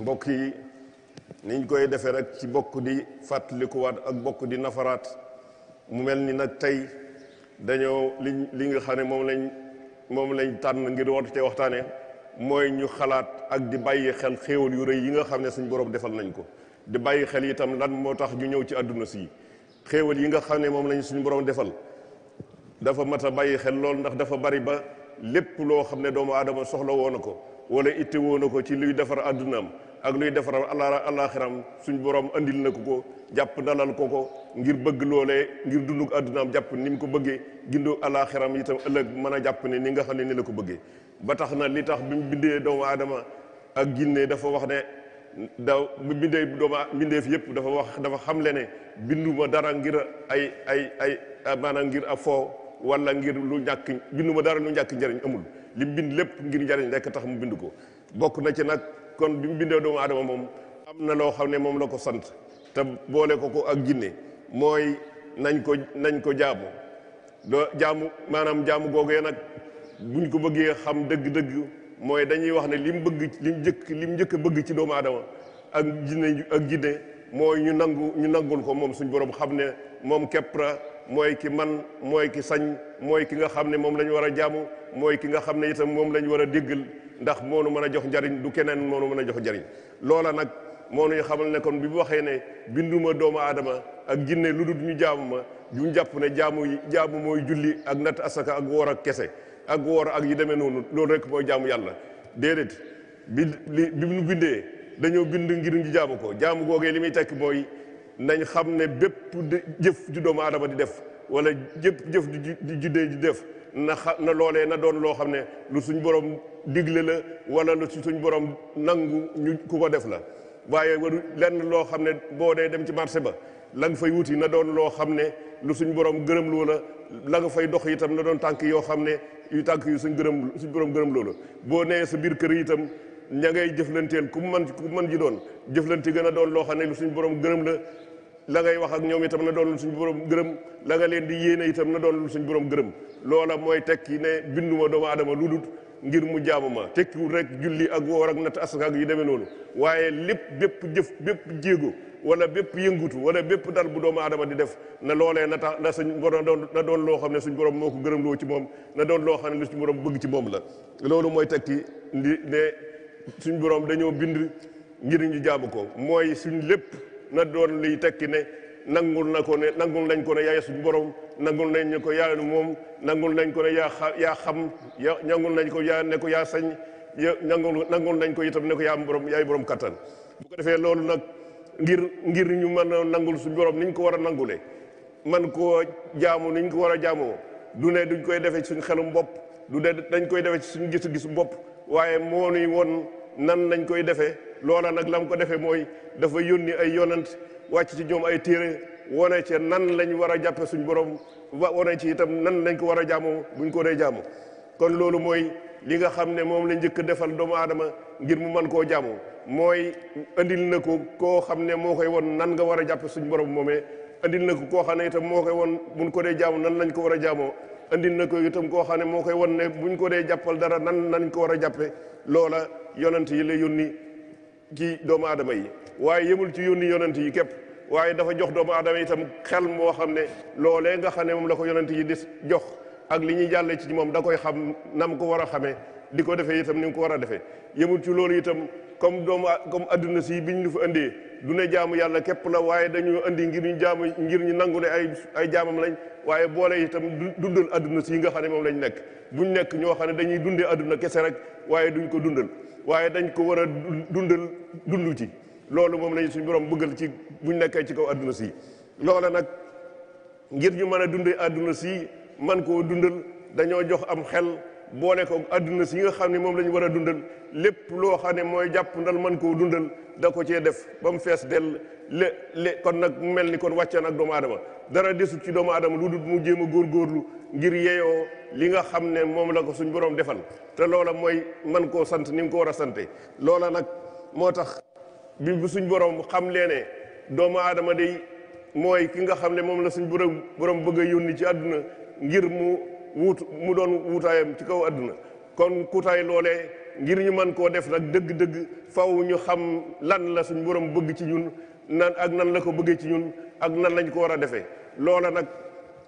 mbokk yi niñ koy defee rek ci bokk di fàttalikuwaat ak bokk di nafaraat mu mel ni nag tey dañoo li li nga xam ne moom lañ moom lañ tànn ngir woote te waxtaane mooy ñu xalaat ak di bàyyi xel xéewal yu rëy yi nga xam ne suñ borom defal nañ ko di bàyyi xel itam lan moo tax ñu ñëw ci àdduna si xéewal yi nga xam ne moom lañ suñu borom defal dafa mat bàyyi xel lool ndax dafa bari ba lépp loo xam ne doomu aadama soxla woon na ko wala itte woon na ko ci luy defar àddunaam ak luy defaral allah alaxiram suñ borom andil na ko ko jàpp dalal ko ko ngir bëgg loolee ngir dunduk àddunaam jàpp ni mu ko bëggee gindu alaxiram itam ëllëg mën a jàpp ne ni nga xam ne ni la ko bëggee ba tax na li tax bi bindee doomu aadama ak jinne dafa wax ne daw bi bindee doomu mbindeef yëpp dafa wax dafa xamle ne binduma dara ngir ay ay ay maanaam ngir a foo wala ngir lu ñàkk binduma dara lu ñàkk njariñ amul li bind lépp ngir njariñ lekk tax mu bind ko bokk na ci nag kon bi mu bindee doomu adama moom am na loo xam ne moom la ko sant te boole ko ko ak jinne mooy nañ ko nañ ko jaamu doo jaamu maanaam jaamu googee nag buñ ko bëggee xam dëgg-dëgg mooy dañuy wax ne li mu bëgg li mu njëkk li mu njëkk a bëgg ci doomu aadama ak jinne ak jinne mooy ñu nangu ñu nangul ko moom suñ borom xam ne moom képp la mooy ki man mooy ki sañ mooy ki nga xam ne moom lañu war a jaamu mooy ki nga xam ne itam moom la ñu war a déggal ndax moo nu mën a jox njariñ du keneen moo nu mën a jox njariñ loola nag moo nuy xamal ne kon bi mu waxee ne binduma doomu aadama ak jinne lu dul ñu jaamu ma ñu jàpp ne jaamu jaamu mooy julli ak natt asaka ak woor ak kese ak woor ak yi demee noonu loolu rekk mooy jaamu yàlla déedéet bi bi mu bindee dañoo bind ngir ñu jaamu ko jaamu googee li muy tekk mooy nañ xam ne bépp jëf ju doomu aadama di def wala jëpp jëf ju juddee di def na xa na loolee na doon loo xam ne lu suñ borom digle la wala lu suñ borom nangu ñu ku ko def la waaye waru lenn loo xam ne boo dee dem ci marché ba lang fay wuti na doon loo xam ne lu suñ borom gërëm loo la la fay dox itam na doon tànk yoo xam ne yu tànk yu suñ gërëm suñ borom gërëm loo boo nee sa biir kër itam ña ngay jëflanteel ku mën ku mën ji doon jëflante gën a doon loo xam ne lu suñ borom gërëm la langa ngay wax ak ñoom itam na doon lu suñ borom gërëm la leen di yéene itam na doon lu suñ borom gërëm loola mooy tekki ne binduma doomu aadama lu dul ngir mu jaamu ma tekkiwul rek julli ak woor ak natt asaka demee noonu waaye lépp bépp jëf bépp jéego wala bépp yëngutu wala bépp dal bu doomu aadama di def na loolee na tax na suñ borom na doon loo xam ne suñ borom moo ko gërëm loo ci moom na doon loo xam ne lu suñ borom bëgg ci moom la loolu mooy tekki ne suñ borom dañoo bind ngir ñu jaamu ko mooy suñ lépp na doon luy tekki ne nangul na ko ne nangul nañ ko ne yaa suñu borom nangul nañ ñu ko yaa moom nangul nañ ko ne yaa yaa xam ya nangul nañ ko yaa ne ko yaa sañ ya nangul nangul nañ ko itam ne ko yaa borom yaay borom kattan. bu ko defee loolu nag ngir ngir ñu mën a nangul suñu borom ni ñu ko war a nangulee man koo jaamu ni ñu ko war a jaamoo du ne duñ koy defee suñ xelum bopp du ne dañ koy defee ci suñu gis-gisu bopp waaye moo nuy woon. nan lañ koy defee loola nag lam ko defee mooy dafa yónni ay yonant wàcc ci ñoom ay téere wane ci nan lañ war a jàppe suñ borom wane ci itam nan lañ ko war a jaamoo buñ ko dee jaamoo kon loolu mooy li nga xam ne moom la njëkk defal doomu aadama ngir mu mën koo jaamoo mooy andil na ko koo xam ne moo koy won nan nga war a jàppe suñ borom moomee andil na ko koo xam ne itam moo koy won buñ ko dee jaamu nan lañ ko war a jaamoo andil na ko itam koo xam ne moo koy won ne buñ ko dee jàppal dara nan nañ ko war a jàppe loola yonent yi la yónni ci doomu aadama yi waaye yëmul ci yónni yonent yi képp waaye dafa jox doomu aadama yi itam xel moo xam ne loolee nga xam ne moom la ko yonent yi di jox ak li ñuy jàlle ci moom da koy xam nam ko war a xamee di ko defee itam ni mu ko war a defee yemul ci loolu itam comme doomu comme adduna si biñ lu fa indee du ne jaamu yàlla képp la waaye dañu indi ngir ñu ngir ñu nangu ne ay ay jaamam lañ waaye boole yi itam dundal adduna si yi nga xam ne moom lañ nekk bu ñu nekk ñoo xam ne dañuy dundee adduna kese rek waaye duñ ko dundal waaye dañ ko war a dundal dund ci loolu moom lañ suñu borom bëggal ci bu ñu nekkee ci kaw adduna si loola nag ngir ñu mën a dundee adduna si man koo dundal dañoo jox am xel boole ko àdduna si nga xam ne moom la ñu war a dundal lépp loo xam ne mooy jàpp ndal man koo dundal da ko cee def ba mu fees dell le le kon nag mu mel ni kon wàcce nag doomu aadama dara desut ci doomu aadama lu dul mu jéem a góorgóorlu ngir yeyoo li nga xam ne moom la ko suñ borom defal te loola mooy man koo sant ni nga ko war a sante loola nag moo tax bi bu suñ borom xam lee ne doomu aadama day mooy ki nga xam ne moom la suñ borom borom bëgg a ci àdduna ngir mu. wut mu doon wutaayam ci kaw àdduna kon kutaay loole ngir ñu mën koo def nag dëgg-dëgg faw ñu xam lan la suñ borom bëgg ci ñun nan ak nan la ko bëggee ci ñun ak nan lañ ko war a defee loola nag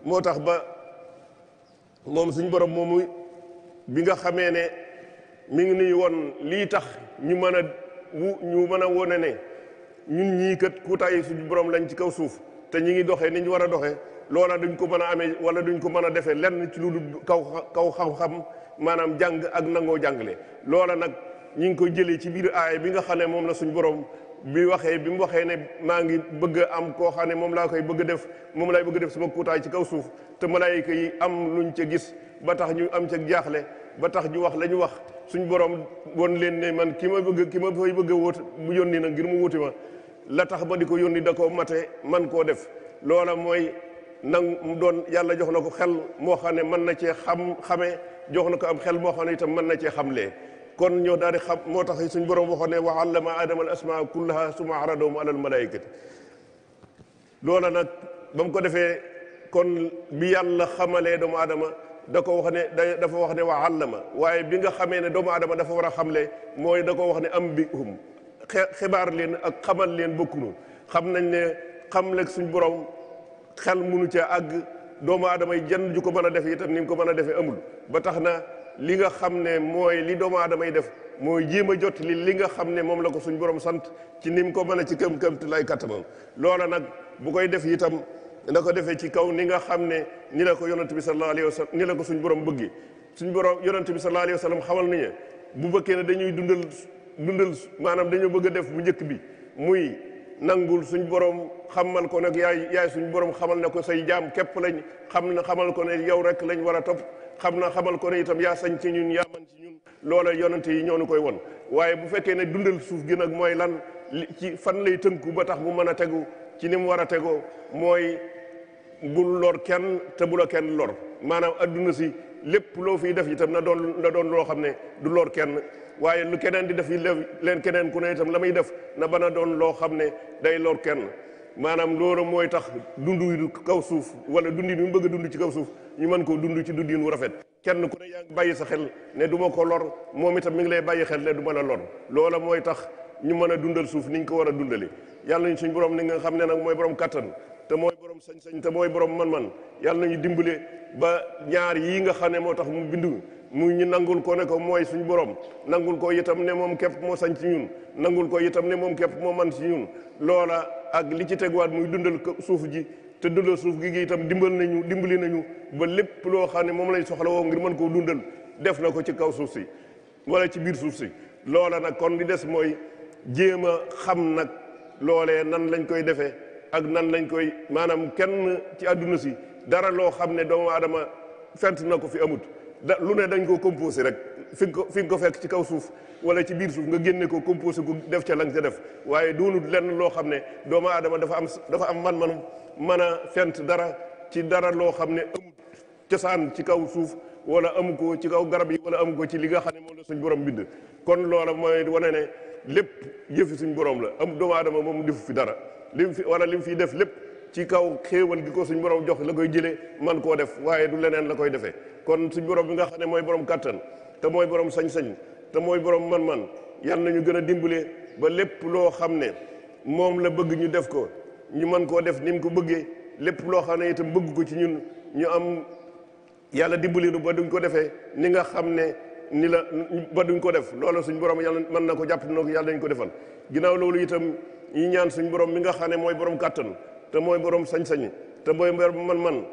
moo tax ba moom suñ borom moomu bi nga xamee ne mi ngi nuy won lii tax ñu mën a wu ñu mën a wone ne ñun ñii kat kutaay suñu borom lañ ci kaw suuf te ñu ngi doxee ni ñu war a doxee loola duñ ko mën a amee wala duñ ko mën a defee lenn ci lu dul kaw kaw xam-xam maanaam jàng ak nangoo jàngale loola nag ñi ngi koy jëlee ci biir aay bi nga xam moom la suñ borom bi waxee bi mu waxee ne maa ngi bëgg am koo xam ne moom laa koy bëgg a def moom laay bëgg a def sama kuutaay ci kaw suuf te malaayika yi am luñ ca gis ba tax ñu am ca jaaxle ba tax ñu wax la ñu wax suñ borom won leen ne man ki ma bëgg ki ma fay bëgg a wóot mu yónni na ngir mu wuti ma la tax ba di ko yónni da koo mate man koo def loola mooy nangu doon yàlla jox na ko xel moo xam ne mën na cee xam xamee jox na ko am xel moo xam ne itam mën na cee xamlee kon ñoo daal di xam moo tax suñ borom waxoon ne wa allama adama al asmaa kullaha suma aradahum alal malaikati loola nag ba mu ko defee kon bi yàlla xamalee doomu aadama da ko wax ne dafa wax ne wa allama waaye bi nga xamee ne doomu aadama dafa war a xamle mooy da ko wax ne am bi hum xibaar leen ak xamal leen bokkunu xam nañ ne xamleeg suñ borom xel mu munu ca àgg doomu aadama yi jenn ju ko mën a def itam ni mu ko mën a defee amul ba tax na li nga xam ne mooy li doomu aadama yi def mooy jéem a jot li nga xam ne moom la ko suñ borom sant ci ni mu ko mën a ci këm këmtu lay kattanam loola nag bu koy def itam na ko defee ci kaw ni nga xam ne ni la ko yonent bi sallallahu alayhi ni la ko suñ borom bëgge suñ borom yonent bi sallallahu alayhi wa sallam xamal nañu bu bëkkee ne dañuy dundal dundal maanaam dañoo bëgg a def bu njëkk bi muy nangul suñ borom xamal ko nag yaay yaay suñ borom xamal na ko say jaam képp lañ xam na xamal ko ne yow rek lañ war a topp xam na xamal ko ne itam yaa sañ ci ñun yaa man ci ñun loola yonante yi ñoo nu koy won waaye bu fekkee ne dundal suuf gi nag mooy lan ci fan lay tënku ba tax bu mën a tegu ci ni mu war a tegoo mooy bul lor kenn te bu la kenn lor maanaam adduna si lépp loo fiy def itam na doon na doon loo xam ne du lor kenn waaye lu keneen di def yi leen keneen ku ne tam la may def na ba na doon loo xam ne day lor kenn maanaam loolu mooy tax dundu kaw suuf wala dundin bi mu bëgg a dund ci kaw suuf ñu mën koo dund ci dundin wu rafet kenn ku ne yaa ngi bàyyi sa xel ne duma ko lor moom itam mi ngi lay bàyyi xel ne du ma la lor loola mooy tax ñu mën a dundal suuf ni ko war a dundali yàlla ñu suñ borom ni nga xam ne nag mooy borom kattan borom sañ-sañ te mooy borom man-man yàlla nañu dimbale ba ñaar yii nga xam ne moo tax mu bindu mu ñu nangul ko ne ko mooy suñu borom nangul ko itam ne moom képp moo sañ ci ñun nangul ko itam ne moom képp moo man si ñun loola ak li ci teguwaat muy dundal suuf ji te dundal suuf gi gi itam dimbal nañu dimbali nañu ba lépp loo xam ne moom lañ soxla woo ngir mën koo dundal def na ko ci kaw suuf si wala ci biir suuf si loola nag kon li des mooy jéem a xam nag loolee nan lañ koy defee ak nan lañ koy maanaam kenn ci àdduna si dara loo xam ne doomu aadama fent na ko fi amut da lu ne dañ koo composé rek fi nga ko ci kaw suuf wala ci biir suuf nga génne ko composé ko def ca la nga ca def waaye doonut lenn loo xam ne doomu aadama dafa am dafa am man-man mën a fent dara ci dara loo xam ne amut cosaan ci kaw suuf wala amu ko ci kaw garab yi wala amu ko ci li nga xam ne moom la suñ borom bind kon loola mooy wane ne lépp jëfi suñ borom la am doomu aadama moom defu fi dara li mu fi wala mu fiy def lépp ci kaw xéewal gi ko suñ borom jox la koy jëlee man koo def waaye du leneen la koy defee kon suñ borom bi nga xam ne mooy borom kàttan te mooy borom sañ-sañ te mooy borom man-man yal nañu gën a dimbale ba lépp loo xam ne moom la bëgg ñu def ko ñu mën koo def ni mu ko bëggee lépp loo xam ne itam bëgg ko ci ñun ñu am yàlla dimbali nu ba duñ ko defee ni nga xam ne ni la ba duñ ko def loola suñ borom yàlla mën na ko jàpp na ko yàlla dañ ko defal ginnaaw loolu itam ñi ñaan suñ borom mi nga xam ne mooy borom kàttan te mooy borom sañ-sañ te mooy borom man-man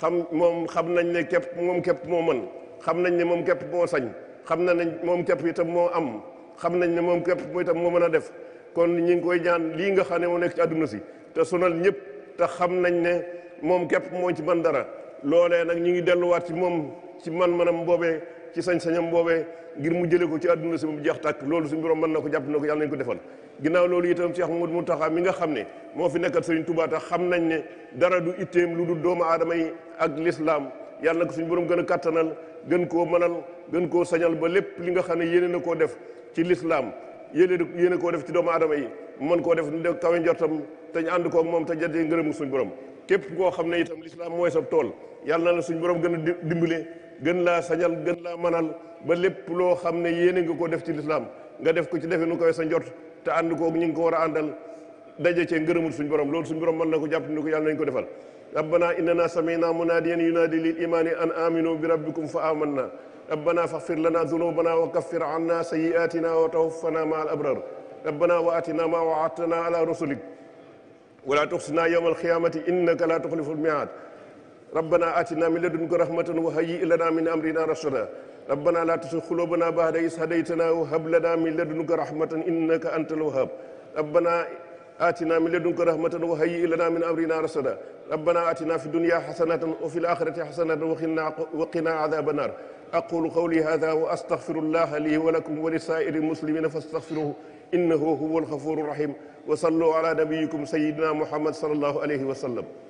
xam moom xam nañ ne képp moom képp moo man xam nañ ne moom képp moo sañ xam na ne moom képp itam moo am xam nañ ne moom képp moo itam moo mën a def kon ñi ngi koy ñaan lii nga xam ne moo nekk ci àdduna si te sonal ñëpp te xam nañ ne moom képp moo ci man dara loole nag ñu ngi delluwaat ci moom ci man a mboobee ci sañ-sañam boobee ngir mu jëlee ko ci àdduna si mu jeex tàkk loolu suñu borom mën na ko jàpp na ko yàlla nañ ko defal ginnaaw loolu itam Cheikh nga xam ne moo fi nekkat Serigne Touba tax xam nañ ne dara du itteem lu dul doomu aadama yi ak l'islam yàlla na ko borom gën a kattanal gën koo mënal gën koo sañal ba lépp li nga xam ne yéene na koo def ci lislaam yéene yéene koo def ci doomu aadama yi mën koo def de kawe njortam te ñu ànd koo moom te jatee ngërëmu suñu borom képp koo xam ne itam l'islam mooy sa tool yàlla na la suñu gën a dimbale gën laa sañal gën laa manal ba lépp loo xam ne yéene nga ko def ci lislaam nga def ko ci defe nu koy sa njot te ànd kook ñi nga ko war a àndal daje cee ngërëmul suñu borom loolu suñu borom man na ko jàpp ni ko yàlla nañ ko defal rabbana innana samina munadiyan yunadi lil imani an aminu bi rabbikum fa amanna rabbana faghfir lana dhunubana wa kaffir anna sayyi'atina wa tawaffana ma al abrar rabbana wa atina ma wa'adtana ala rusulik wa la tukhzina yawma al qiyamati innaka la tukhlifu al ربنا آتنا من لدنك رحمة وهيئ لنا من أمرنا رشدا ربنا لا تزغ قلوبنا بعد إذ هديتنا وهب لنا من لدنك رحمة إنك أنت الوهاب ربنا آتنا من لدنك رحمة وهيئ لنا من أمرنا رشدا ربنا آتنا في الدنيا حسنة وفي الآخرة حسنة وقنا وقنا عذاب النار أقول قولي هذا وأستغفر الله لي ولكم ولسائر المسلمين فاستغفروه إنه هو الغفور الرحيم وصلوا على نبيكم سيدنا محمد صلى الله عليه وسلم